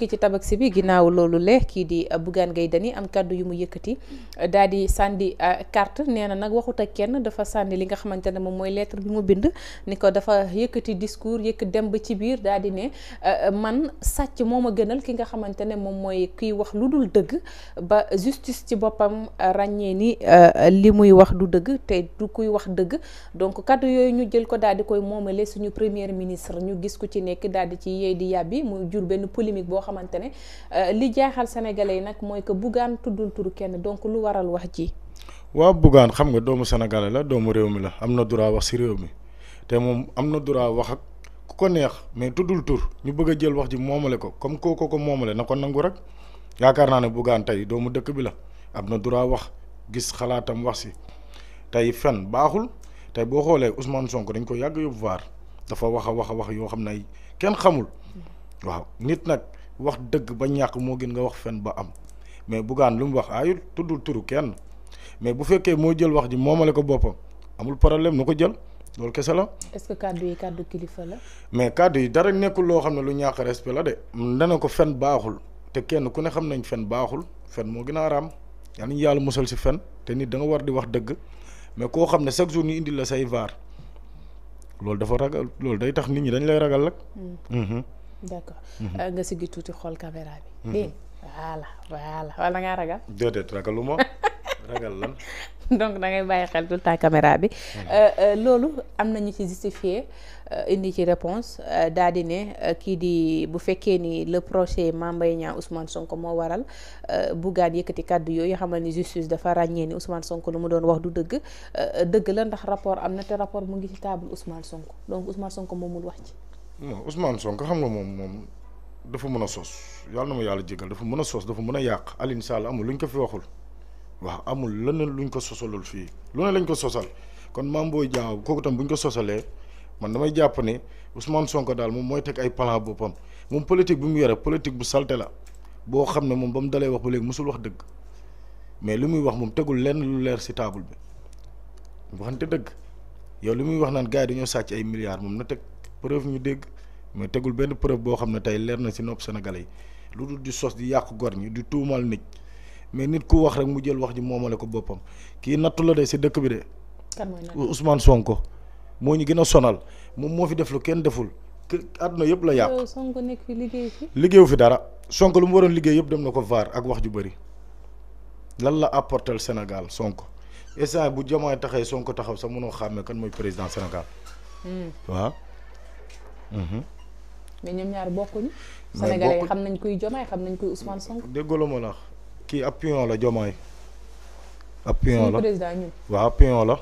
jóge ci tabaski bi ginnaaw loolu le kii di uh, Bougane Gueye Dany am kàddu yu mu yëkkati uh, daal di sànni uh, carte nee na nag waxut ak kenn dafa sànni li nga xamante ne moom mooy lettre bi mu bind ni ko dafa yëkkati discours yëkk dem ba ci biir daal di ne man sàcc moo ma gënal ki nga xamante ne moom mooy kiy wax lu dul dëgg ba justice ci boppam ràññee ni li muy wax du dëgg te du kuy wax dëgg donc kàddu yooyu ñu jël ko daal di koy moomale suñu premier ministre ñu gis ku ci nekk daal ci yeey di yàbbi mu jur benn polémique boo xamante ne euh, li jaaxal sénégalais yi nag mooy que Bougane tuddul tur kenn donc lu waral wax ji. waaw Bougane xam nga doomu sénégalais la doomu réew mi la am na droit wax ci réew mi te moom am na droit wax ak ku ko neex mais tuddul tur ñu bëgg a jël wax ji moomale ko comme kooku ko moomale na ko nangu rek yaakaar naa ne Bougane tey doomu dëkk bi la am na droit wax gis xalaatam wax si tey fen baaxul. tey boo xoolee Ousmane sonk dañ ko yàgg yóbbu vaar dafa wax a wax a wax yoo xam ne kenn xamul mm-hmm. wax dëgg ba ñàkk moo gën nga wax fen ba am mais buggaan lu mu wax ayul tuddul turu kenn mais bu fekkee moo jël wax ji moomale ko boppam amul problème na ko jël loolu kese la. est-ce que kàddu yi kàddu kilifa la. mais kàddu yi dara nekkul loo xam ne lu ñàkk respect la de. dana ko fen baaxul te kenn ku ne xam nañ fen baaxul fen moo gën a araam yal nañu yàlla musal si fen te nit danga war di wax dëgg mais koo xam ne chaque jour ñu indi la say vaar loolu dafa ragal loolu day tax nit ñi dañ lay ragal rek. Hmm. Mhm. d'accord mhm. euh, nga siggi tuuti xool caméra bi. Mhm. dégg voilà voilà wala ngaa ragal. déedéet ragaluma ragal lan. donc da bàyyi xel tout le temps caméra bi mhm. euh, euh, loolu am na ñu ci justifié indi ci réponse daldi di ne kii di bu fekkee ni le procès Mame Mbaye Niang Ousmane Sonko moo waral Bougane yëkkati kàddu yooyu xamal ni justice dafa ràññee ni Ousmane sonk lu mu doon wax du dëgg dëgg la ndax rapport am na te rapport mu ngi ci table Ousmane sonk donc Ousmane Sonko moomul wax ci. non Ousmane Sonko xam nga moom moom dafa mën a sos yàlla na ma yàlla jégal dafa mën a sos dafa mën a yàq Alioune Sall amul luñ ko fi waxul waaw amul lu luñ ko sosalul fii lu ne lañ ko sosal kon Mame Boye Diao kooku tam buñ ko sosalee man damay jàpp ne Ousmane Sonko daal moom mooy teg ay plan boppam moom politique bi mu yore politique bu salte la boo xam ne moom ba mu dalee wax ba léegi mosul wax dëgg mais li muy wax moom tegul lenn lu leer si table bi yow li muy wax naan gars yi dañoo sàcc ay milliards moom na teg preuve ñu dégg mais tegul benn preuve boo xam ne tey leer na si nopp sénégalais yi lu dul di sos di yàq gor ñi di tuumal nit mais nit ku wax rek mu jël wax ji moomale ko boppam kii nattu la de si dëkk bi de. kan mooy Ousmane Sonko moo ñu gën a sonal moom moo fi def lu kenn deful. àdduna yëpp la yàq Sonko nekk fi liggéeyu fi dara Sonko lu mu waroon liggéey yëpp dem na ko var ak wax ju bëri lan la apporter Sénégal Sonko. ça bu Diomaye taxee Sonko taxaw sa mëno xamé kan moy président Sénégal. waaw. Hmm. Mhm. mais ñoom ñaar bokkuñu. Sénégalais yi xam nañ kuy Diomaye xam nañ Ousmane Sonko. déggoo la kii ab la jomay ab la président ñun. la.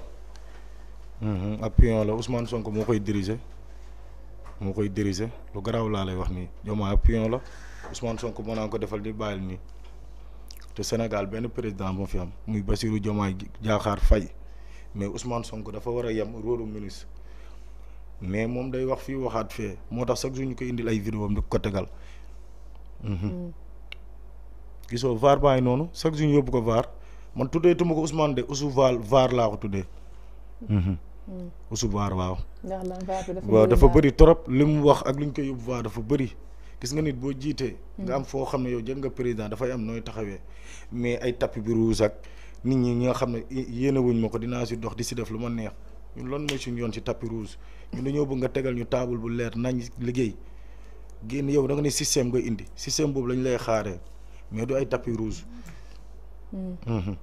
Mhm, la Ousmane Sonko mo koy diriger. mo koy diriger lu graw la lay wax ni jomay la Ousmane Sonko mo naan ko defal di bayil ça. te Sénégal benn président moo fi am muy Bassirou Diomaye Diakhar Faye mais Ousmane Sonko dafa war a yem rôle ministre mais moom day wax fii waxaat fee moo tax chaque jour ñu ko indil ay vidéo am ko tegal. Mhm. Mm. gisoo vaar baa noonu chaque jour ñu yóbbu ko vaar man tuddee tuma ko Ousmane de Ousou Vaal vaar laa ko tuddee. Ousou mhm. mm. Vaar waaw. waaw dafa bëri trop li mu wax ak li ñu koy yóbbu dafa bëri. gis nga nit boo jiitee. nga am foo xam ne yow jën nga président dafay am nooy taxawee mais ay tapis bi rouge ak nit ñi ñi nga xam ne yéene wuñ ma ko dinaa si dox di si def lu ma neex ñun loolu mooy yoon si tapis rouge ñun dañoo bëgg nga tegal ñu taabal bu leer nañ liggéey génn yow danga ne système nga indi système boobu lañ lay xaaree mais du ay tapis rouge. Hmm. Hmm.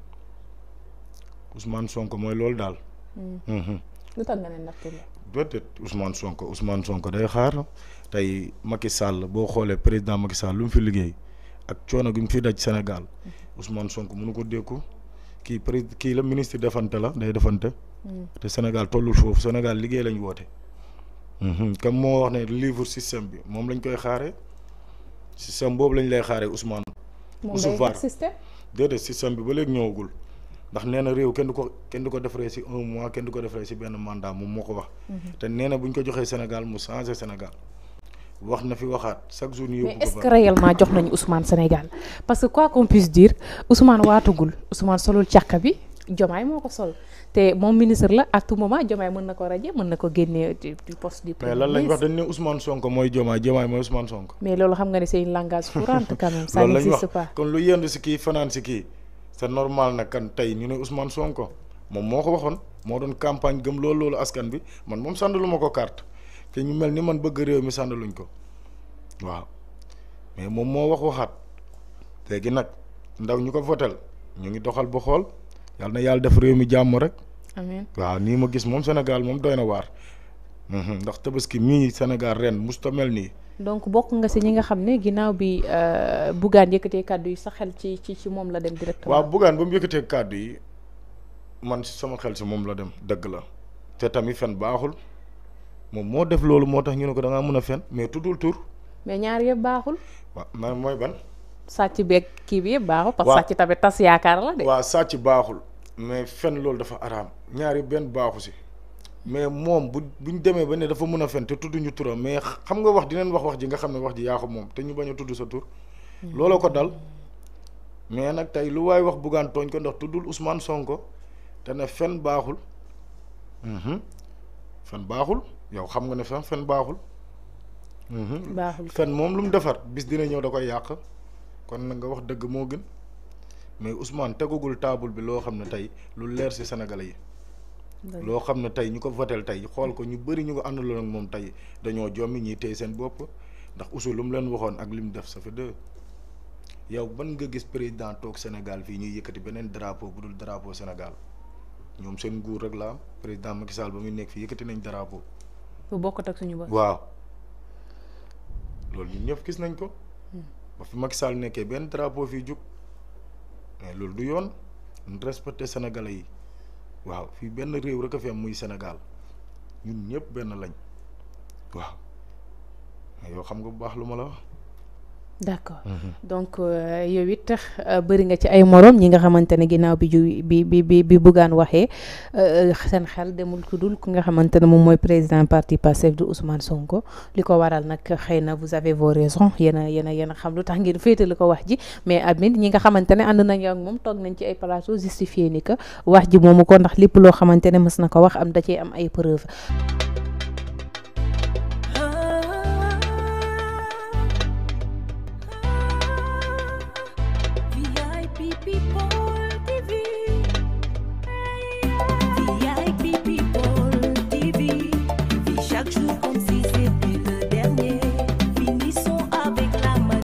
Ousmane sonk mooy loolu daal. Hmm. déedéet Ousmane Sonko Ousmane Sonko day xaar tey Macky Sall boo xoolee président Macky Sall lu mu fi liggéey ak coono gi mu fi daj Sénégal mhm. Ousmane sonk mënu ko dékku kii pré kii la ministre defante la day defante. Mhm. te Sénégal tollul foofu Sénégal liggéey lañ woote. Mhm. comme moo wax ne livre système bi moom lañ koy xaare système boobu lañ lay xaaree Ousmane. moom day système déedéet système bi ba léegi ñëwagul. ndax nee na réew kenn du ko kenn du ko defaree ci un mois kenn du ko defaree ci benn mandat moom moo ko wax. Mhm. te nee na bu ñu ko joxee Sénégal mu changé Sénégal. wax na fi waxaat chaque jour ñu yóbbu ko mais est-ce parce que quoi qu'on puisse dire Ousmane waatugul Ousmane solul càkk bi Jomaay moo ko sol te moom ministre la à tout Jomaay mën na ko radier mën na ko génnee du poste du premier mais lan lañ wax dañ ne mooy Jomaay Jomaay mooy Ousmane Sonko mais loolu xam nga ne c'est une langage courante quand si fanaan si kii c'est normal nak kan tay ñu né Ousmane Sonko mom moko ko mo doon campagne gëm lool lool askan bi man mom sàndalu ma ko carte té ñu mel ni man bëgg réew mi sàndaluñ ko waaw mais mom mo wax waxat légui nak ndaw ñuko ko votel ñu ngi doxal bu xol yalla na yalla def réew mi jamm rek. amen waaw ni ma gis mom Sénégal mom doyna war mhm, ndax tabaski mi Sénégal ren musta melni donc bokk nga si ñi nga xam ne ginnaaw bi euh, Bougane yëkkatee kàddu yi sa xel ci ci ci moom la dem directement. waaw Bougane ba mu yëkkatee kàddu yi man sama xel si moom la dem dëgg la te tamit fen baaxul moom moo def loolu moo tax ñu ne ko da mën a fen mais tudul tur. mais ñaar yëpp baaxul. waaw man mooy ban. sàcc beeg kii bi yëpp baaxul. parce que sàcc tamit tas yaakaar la de. waaw sàcc baaxul mais fen loolu dafa araam ñaar yi benn baaxu si mais mom buñ démé ba né dafa mëna fën té te tudd ñu turam mais xam nga wax dinañ wax wax ji nga xam ne wax ji ya ko mom té ñu bañ tuddu sa tour hmm. lolo ko dal mais nak tay lu way wax bugan togn ko ndax tuddul Ousmane Sonko té né fën baaxul hmm fën baaxul yow xam nga né fën fën baaxul hmm baaxul fën mom lu mu defar bis dina ñëw da koy yaq kon na nga wax dëgg mo gën mais Ousmane tegagul table bi lo xam ne tey lu leer ci sénégalais yi loo xam ne tey ñu ko votel tey xool ko ñu bëri ñu ko àndaloon ak moom tey dañoo jommi ñuy téye seen bopp ndax usul lu mu leen waxoon ak li mu def ça fait deux yow ban nga gis président toog Sénégal fii ñuy yëkkati beneen drapo bu dul drapeau Sénégal ñoom seen guur rek la président Macky Sall ba muy nekk fii yëkkati nañ drapeau. bu bokkut ak suñu bopp. waaw loolu ñun ñëpp gis nañ ko. Hmm. ba fi Macky Sall nekkee benn drapeau fii jug mais loolu du yoon respecté sénégalais yi. waaw fii benn réew rek a fi am muy senegaal ñun ñëpp benn lañ waaw yoo xam nga bu baax lu ma la D'accord. Mhm. donc euh, yow it a euh, bëri nga ci ay morom ñi nga xamante ne bi bi bi bi bi buggaan waxee euh, seen xel demul président parti passé, Ousmane Sonko li waral vous avez vos raisons yéen a a xam lu tax wax ji mais ñi nga ne nañu ak moom toog nañ ci ay ni wax ji am